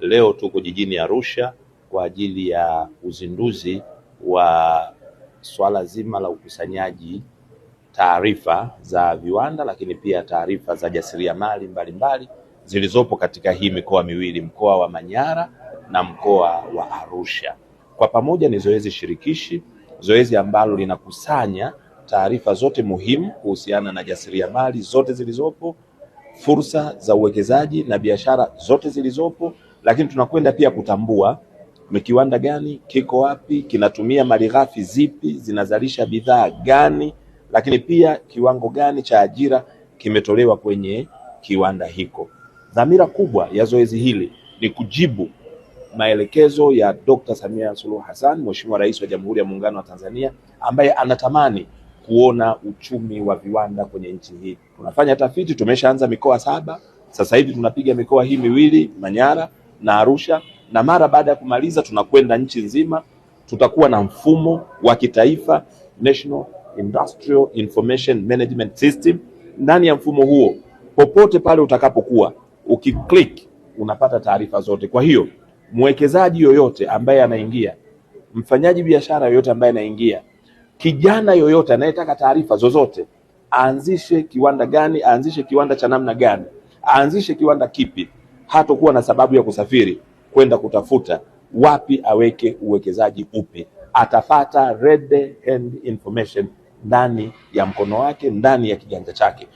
Leo tuko jijini Arusha kwa ajili ya uzinduzi wa swala zima la ukusanyaji taarifa za viwanda, lakini pia taarifa za jasiriamali mbalimbali zilizopo katika hii mikoa miwili, mkoa wa Manyara na mkoa wa Arusha. Kwa pamoja ni zoezi shirikishi, zoezi ambalo linakusanya taarifa zote muhimu kuhusiana na jasiriamali zote zilizopo, fursa za uwekezaji na biashara zote zilizopo lakini tunakwenda pia kutambua ni kiwanda gani kiko wapi, kinatumia malighafi zipi, zinazalisha bidhaa gani, lakini pia kiwango gani cha ajira kimetolewa kwenye kiwanda hiko. Dhamira kubwa ya zoezi hili ni kujibu maelekezo ya Dkt. Samia Suluhu Hassan, Mheshimiwa Rais wa Jamhuri ya Muungano wa Tanzania, ambaye anatamani kuona uchumi wa viwanda kwenye nchi hii. Tunafanya tafiti, tumeshaanza mikoa saba, sasa hivi tunapiga mikoa hii miwili Manyara na Arusha, na mara baada ya kumaliza tunakwenda nchi nzima. Tutakuwa na mfumo wa kitaifa National Industrial Information Management System. Ndani ya mfumo huo, popote pale utakapokuwa, ukiklik unapata taarifa zote. Kwa hiyo mwekezaji yoyote ambaye anaingia, mfanyaji biashara yoyote ambaye anaingia, kijana yoyote anayetaka taarifa zozote, aanzishe kiwanda gani, aanzishe kiwanda cha namna gani, aanzishe kiwanda kipi hatokuwa na sababu ya kusafiri kwenda kutafuta wapi aweke uwekezaji upe, atapata red hand information ndani ya mkono wake, ndani ya kiganja chake.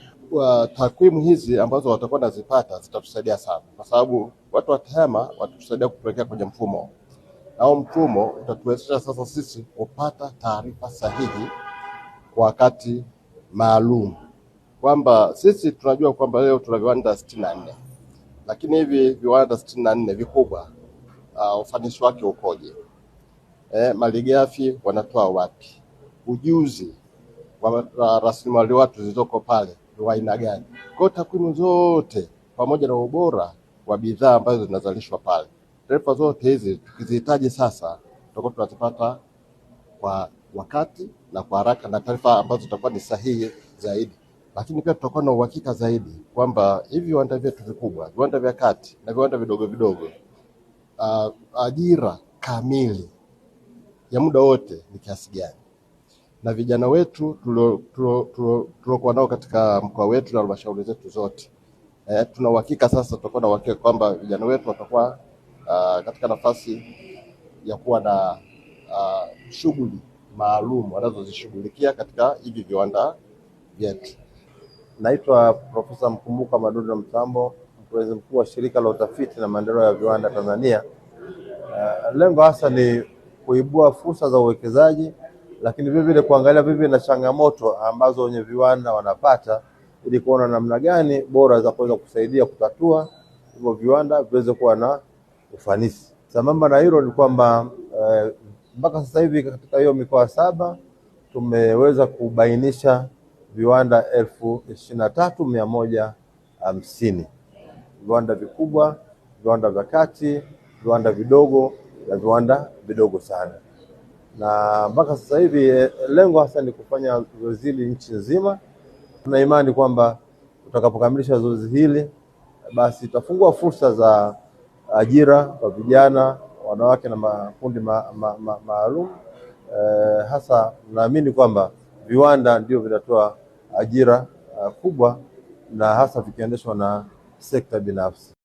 Takwimu hizi ambazo watakuwa nazipata zitatusaidia sana, kwa sababu watu wa TEHAMA watatusaidia kupelekea kwenye mfumo au mfumo utatuwezesha sasa sisi kupata taarifa sahihi kwa wakati maalum, kwamba sisi tunajua kwamba leo tuna viwanda sitini na nne lakini hivi viwanda sitini na nne vikubwa uh, ufanisi wake ukoje? Eh, malighafi wanatoa wapi? Ujuzi wa rasilimali watu zilizoko pale ni wa aina gani? Kwa takwimu zote pamoja na ubora wa bidhaa ambazo zinazalishwa pale, taarifa zote hizi tukizihitaji sasa tutakuwa tunazipata kwa wakati na kwa haraka, na taarifa ambazo zitakuwa ni sahihi zaidi lakini pia tutakuwa na uhakika zaidi kwamba hivi viwanda vyetu vikubwa, viwanda vya kati na viwanda vidogo vidogo, uh, ajira kamili ya muda wote ni kiasi gani, na vijana wetu tuliokuwa nao katika mkoa wetu na halmashauri zetu zote eh, tuna uhakika sasa, tutakuwa na uhakika kwamba vijana wetu watakuwa uh, katika nafasi ya kuwa na uh, shughuli maalum wanazozishughulikia katika hivi viwanda vyetu. Naitwa Profesa Mkumbuka madunda Mtambo, mkurugenzi mkuu wa Shirika la Utafiti na Maendeleo ya Viwanda Tanzania. Uh, lengo hasa ni kuibua fursa za uwekezaji, lakini vile kuangalia vipi na changamoto ambazo wenye viwanda wanapata ili kuona namna gani bora za kuweza kusaidia kutatua hivyo viwanda viweze kuwa na ufanisi. Sambamba na hilo ni kwamba eh, mpaka uh, sasa hivi katika hiyo mikoa saba tumeweza kubainisha viwanda elfu ishirini na tatu mia moja hamsini viwanda vikubwa, viwanda vya kati, viwanda vidogo na viwanda vidogo sana. Na mpaka sasa hivi eh, lengo hasa ni kufanya zoezi hili nchi nzima. Tuna imani kwamba tutakapokamilisha zoezi hili, basi tutafungua fursa za ajira kwa vijana, wanawake na makundi maalum ma, ma, ma, eh, hasa naamini kwamba viwanda ndio vinatoa ajira uh, kubwa na hasa vikiendeshwa na sekta binafsi.